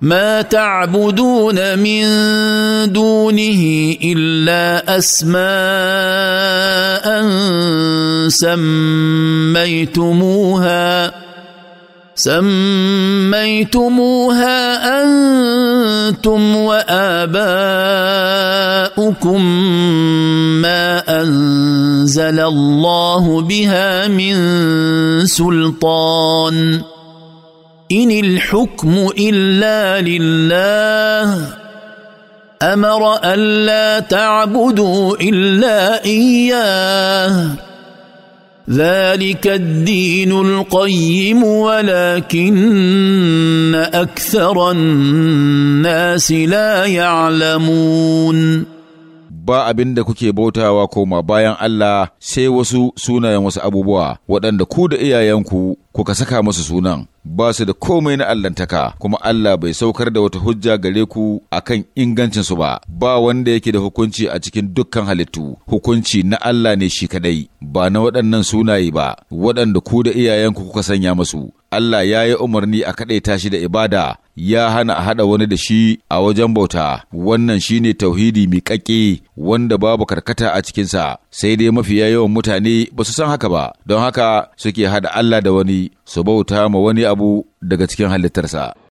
ما تعبدون من دونه الا اسماء سميتموها سميتموها انتم واباؤكم ما انزل الله بها من سلطان ان الحكم الا لله امر الا تعبدوا الا اياه ذلك الدين القيم ولكن اكثر الناس لا يعلمون ba abin da kuke bautawa koma bayan Allah sai wasu sunayen wasu abubuwa waɗanda ku da iyayenku kuka saka masu sunan ba su da komai na allantaka kuma Allah bai saukar da wata hujja gare ku akan ingancinsu ba ba wanda yake da hukunci a cikin dukkan halittu hukunci na Allah ne shi kadai ba na waɗannan sunaye ba waɗanda ku da iyayenku kuka sanya masu Allah ya yi umarni a kaɗaita shi da ibada ya hana a haɗa wani da shi a wajen bauta wannan shine tauhidi ƙaƙƙe wanda babu karkata a cikinsa sai dai mafi yawan mutane ba su san haka ba don haka suke haɗa Allah da wani su bauta ma wani abu daga cikin halittarsa.